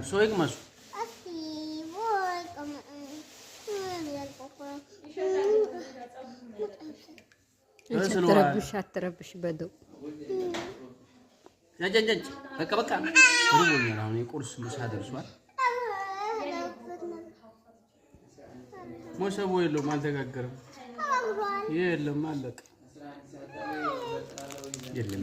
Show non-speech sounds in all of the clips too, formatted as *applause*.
እርስዎ ይቅመሱ። አትረብሽ አትረብሽ። በደው ጃጃጃጅ በቃ በቃ። ርቦኛል። አሁን የቁርስ ምሳ ደርሷል። ሞሰቦ የለውም፣ አልተጋገረም። የለም አለቀ። የለም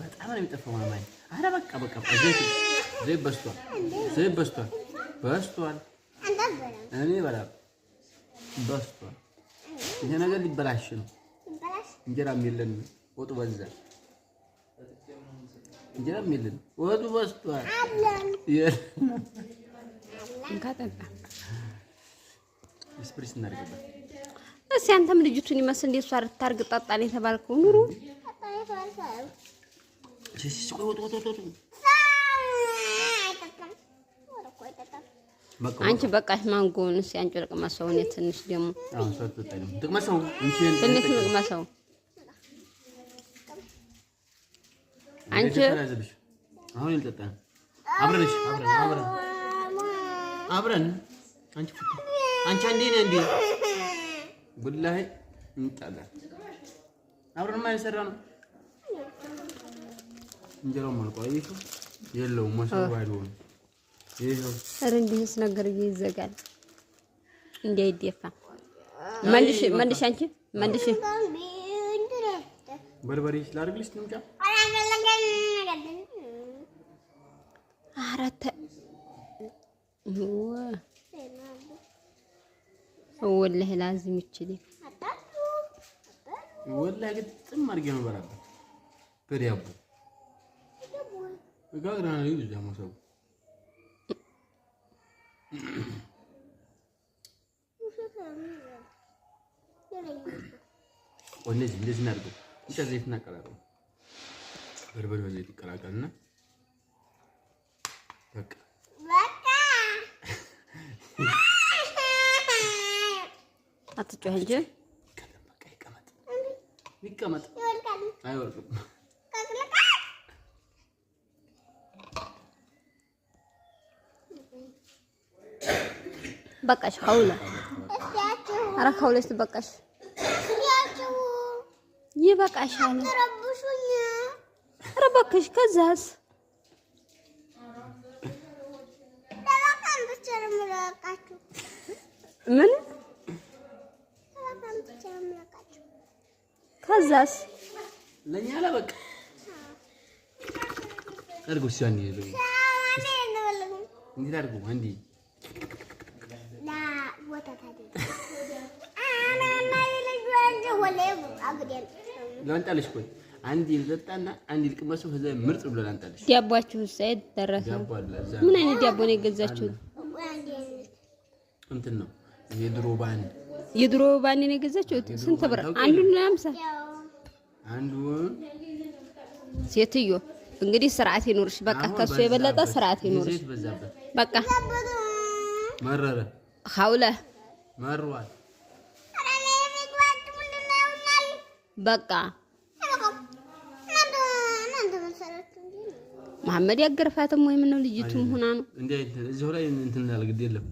በጣም ነው የሚጠፋው። ማማዬ አረ በቃ በቃ ዘይት ዘይት በስቷል፣ ዘይት በስቷል፣ በስቷል። እኔ በላ በስቷል። ይሄ ነገር ሊበላሽ ነው። እንጀራም የለን፣ ወጡ በዛ እንጀራም የለን፣ ወጡ በስቷል። ስፕሪስ እናድርግበት እስኪ። አንተም ልጅቱን ይመስል እንደ እሷ አርታርግ ጣጣን የተባልከው ኑሩ አንቺ በቃሽ። ማንጎውን እስኪ አንቺ ልቅመሰው፣ እኔ ትንሽ ደግሞ ትንሽ ልቅመሰው። አንቺ አብረን አንቺ አንዴ ነህ እንዴ? ነው እንጀራው መልቆ አየሽው የለውም። መሰሩ አይደለም ይሄው። ኧረ እንዲህስ ነገር ይዘጋል እንዴ አይደፋ። መልሽ መልሽ፣ አንቺ መልሽ። በርበሬ ወላሂ ላዚም ይችል ወላሂ ግጥም አድርጌ ነው እንደዚህ እንደዚህ እናድርገው። ብቻ ዘይት እናቀላቅለው። በርበሬ ዘይት ይቀላቀልና በቃ አትጮህ እንጂ ይቀመጥ ይቀመጥ፣ አይወርቅም በቃሽ ሐውለ ኧረ ሐውለሽ በቃሽ ይበቃሻል። ኧረ እባክሽ ከዛስ ምን ከዛስ ለኛ ለበቃ አድርጎ ላንጣልሽ ቆይ አንድ ይልጠጣና አንድ ይልቅመሱ ከዛ ምርጥ ብሎ ላንጣልሽ። ዳቧችሁ ሳይድ ደረሰ። ምን አይነት ዳቦ ነው የገዛችሁት? እንትን ነው የድሮ ባን የድሮ ባን ነው የገዛችሁት። ስንት ብር? አንዱን ለአምሳ አንዱን። ሴትዮ እንግዲህ ስርዓት ይኖርሽ። በቃ ከሱ የበለጠ ስርዓት ይኖርሽ። በቃ መረረ ሀውለ መሯል። በቃ መሐመድ ያገርፋትም ወይ ምነው ልጅቱም ሆና ነው እንዴ? አይተ እዚሁ ላይ እንትን እንላለን። ግድ የለም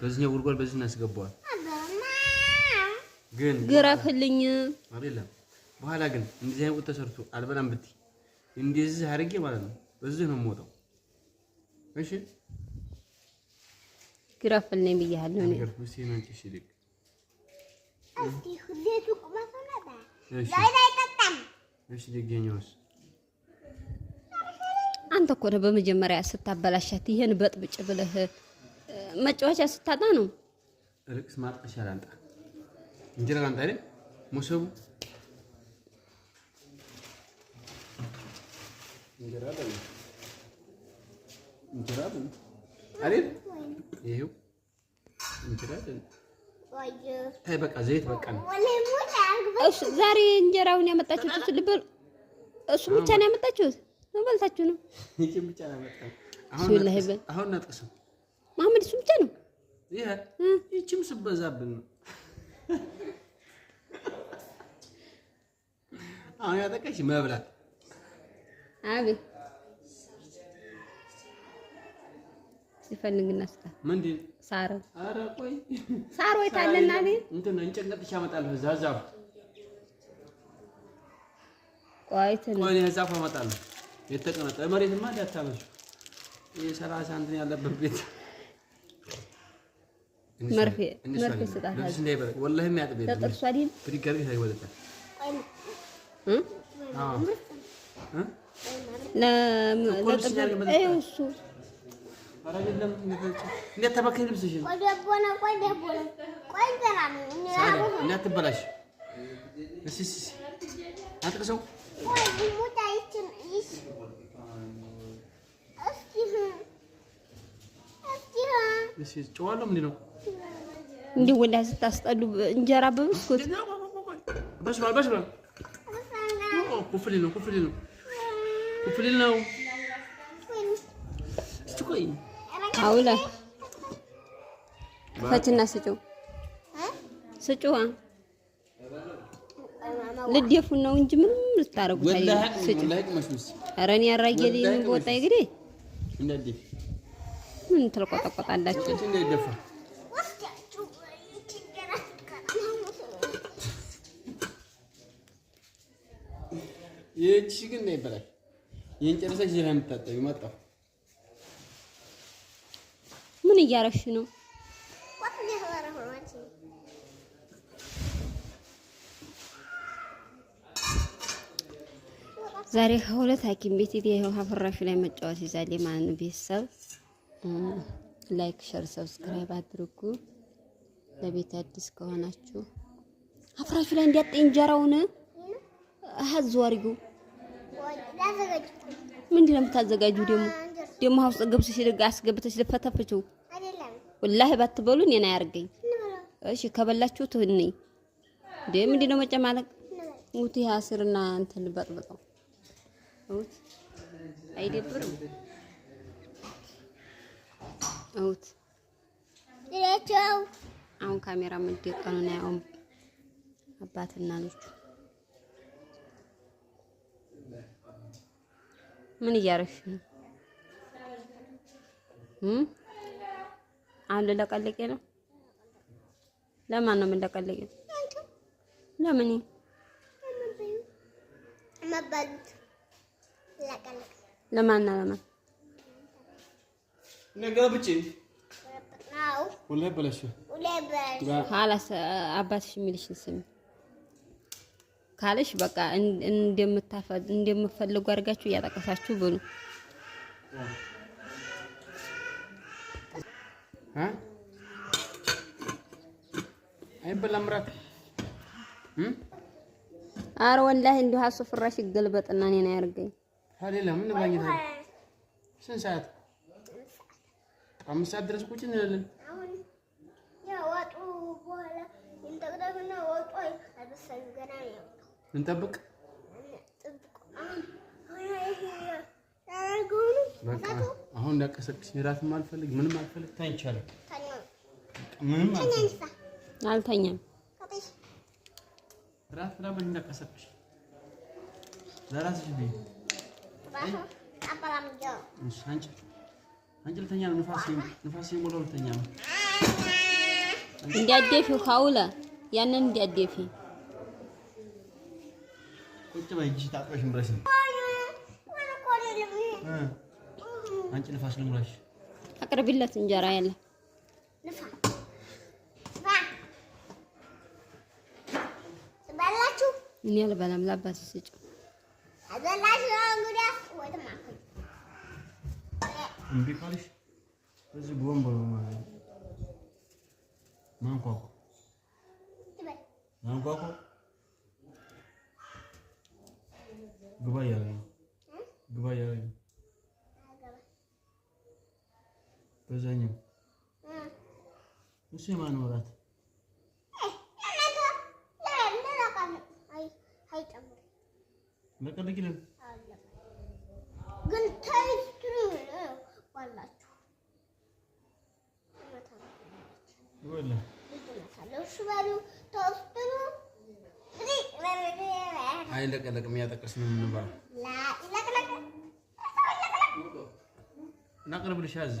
በዚህኛው ጉድጓድ በዚህ እናስገባዋል። ግን ግረፍልኝ አይደለም በኋላ ግን እንደዚህ አይነት ተሰርቶ አልበላም ብትይ እንደዚህ አድርጌ ማለት ነው። በዚህ ነው የምወጣው። እሺ ግረፍል ነኝ ብያለሁ። አንተ እኮ ነው በመጀመሪያ ስታበላሻት ይሄን በጥብጭ ብለህ መጫወቻ ስታጣ ነው። ርቅስ ማጥበሻ ላምጣ፣ እንጀራ ላምጣ አይደል? ሞሰቡ እንጀራ አይደል? ይሄው እንችላለን። አይ በቃ ዘይት በቃ ነው። እሱ ዛሬ እንጀራውን ያመጣችሁት እሱ ልበል፣ እሱ ብቻ ነው ያመጣችሁት ነው በልታችሁ ነው? እቺ ብቻ ነው ያመጣችሁት? አሁን አሁን ነጥቅሰው መሀመድ፣ እሱ ብቻ ነው ይሄ። ይቺም ስበዛብን ነው አሁን ያጠቀሽ መብላት አቤት ይፈልግ እናስታ ምንድን ሳር አረ ቆይ ሳር ወይ ታለና እንት እንትን እንጨንቀጥሽ አመጣለሁ። እዛ ቆይ ትንሽ ቆይ እዛ አመጣለሁ። የተቀመጠ መሬትማ እንዳታመሽ ይሄ ሰላሳ እንትን ያለበት ቤት መርፌ መርፌ ስጣት ወላሂ እንዴት ተበከኝ ልብስሽ እንዳትበላሽ። አጥቅሰው ጨዋለሁ። ነው እንዲህ ወላ ስታስጠሉ እንጀራ በብስኩት ነው፣ ነው፣ ነው። ቆይ አውለ ፈችና ስጩ ስጭዋ ልደፉን ነው እንጂ ምንም ልታረጉት ስጭ። ኧረ እኔ በወጣ ይግዴ ምን ትልቆጠቆጣላችሁ? ይህቺ ግን የምታጠቢው መጣሁ ምን እያረግሽ ነው? ዛሬ ከሁለት ሐኪም ቤት ይሄው ሀፍራሹ ላይ መጫወት ይዛል ማለት ቤተሰብ ላይክ፣ ሸር፣ ሰብስክራይብ አድርጉ። ለቤት አዲስ ከሆናችሁ አፍራሹ ላይ እንዲያጠ እንጀራውን አሃዝ አድርጉ። ምንድን ነው የምታዘጋጁ ደግሞ ደግሞ ሀውስ ገብተሽ ልጋ አስገብተሽ ልፈተፍችው ወላሂ ባትበሉ እኔን አያርገኝ። እሺ ከበላችሁ ትህኒ እንዴ ምንድን ነው መጨማለቅ? ውት ይሄ አስርና እንትን በጥብጠው ውት አይደብርም? ውት ይላቸው አሁን ካሜራ መደቀኑ ነው። አሁን አባትና ልጅ ምን እያረግሽ ነው? አሁን ልለቀልቄ ነው። ለማን ነው የምንለቀልቄ? ለምን ለማን ለማን አባትሽ የሚልሽን ስሚ ካልሽ በቃ እንደምታፈ እንደምፈልጉ አድርጋችሁ እያጠቀሳችሁ ብሉ። አይበላም እራት። ኧረ ወላሂ እንዲሁ እሱ ፍራሽ ይገልበጥና እኔን አያርገኝ። ታዲያ ለምን እንባኝታ? ስንት ሰዓት? አምስት ሰዓት ድረስ ቁጭ እንላለን። እንጠብቅ በቃ አሁን እንዳቀሰቅሽ እራትም አልፈልግ ምንም አልፈልግ። ተኝቻለሁ። ምንም አልተኛም። እራት ምናምን እንዳቀሰቅሽ ለራስሽ ነይ። አንቺ ልተኛ ነው። ንፋስ የሞላው ልተኛ ነው። እንዲያደፊው ካውለ ያንን እንዲያደፊ ቁጭ በይ። እጅሽ ታጥበሽ ምረሽ አንቺ ንፋስ ልሙላሽ። አቅርቢለት እንጀራ ያለ እኔ አልበላም። ላባት ስጭ እምቢ ካልሽ እዚህ ጎን ማንኳኩ ማንኳኩ ግባ እያለኝ ነው ግባ እያለኝ ነው በዛኛው እሱ የማን ወራት ለቀለቂለም ግን ታይስትሩ ዋላችሁ ወላ እሱ ባሉ ነው የምንባለው። ላቅለቅ ናቅርብ ልሻዝ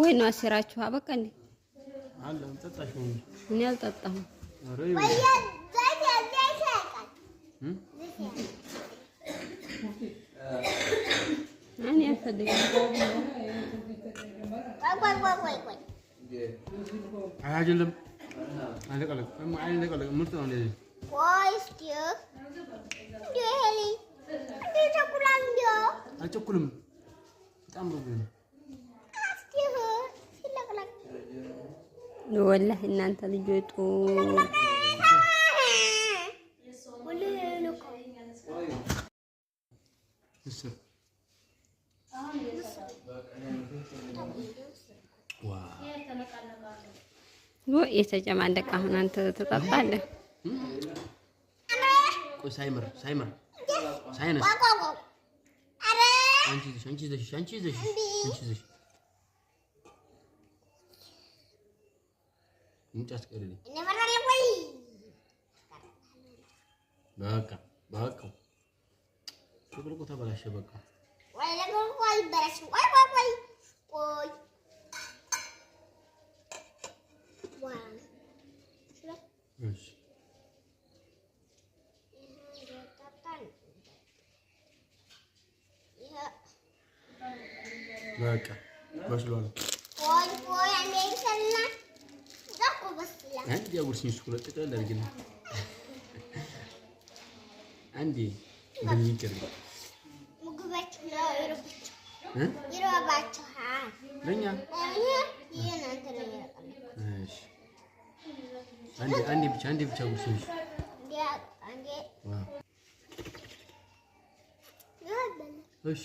ወይ ነው አስራችሁ አበቃ እንዴ? አለ አልጠጣሽም? እኔ አልጠጣሁም። እኔ አልፈልግም። አይደለም አለቀለቅ ምርጥ ነው እንደዚህ አልቸኩልም። በጣም ነው ግን ወላህ እናንተ ልጆች ጡ የተጨማለቀ አሁን አንተ ትጠጣለህ። ሳይምር ሳይምር ሳይነስ አንቺ ይዘሽ አንቺ ይዘሽ አንቺ ይዘሽ አንቺ ይዘሽ እንጫት ቀርልኝ። በቃ በቃ ጭቅልቁ ተበላሸ። በቃ ወይ ለምን ይበላሽ? ወይ ወይ ወይ ቆይ እሺ በቃ በስሏል። አንድ ያጉርስኝ እሱ ሁለት ጥቅል አድርግልኝ። አንዴ እንደሚቀር አንዴ ብቻ አንዴ ብቻ ጉርስኝ እሱ እሺ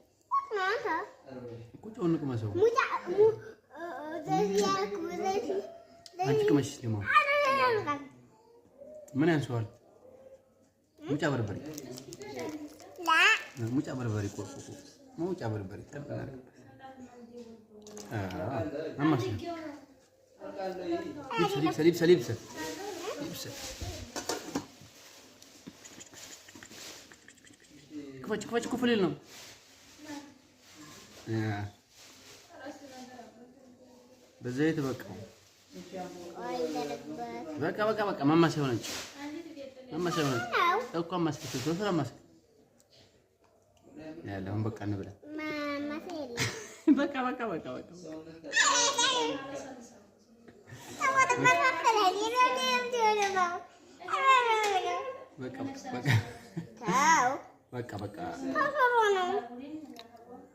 ምን ያንሰዋል? ሙጫ በርበሬ ሙጫ በርበሬ ቆርቆ ሙጫ በርበሬ ክፈች ክፈች ክፍልል ነው በዘይት በቃ በቃ በቃ በቃ ማማሰያ ሆነች። ማማሰያ ሆነች እኮ ማስከተል ተሰራ ማስከ ያለ በቃ እንብላ። *laughs* በቃ በቃ በቃ በቃ በቃ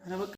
በቃ በቃ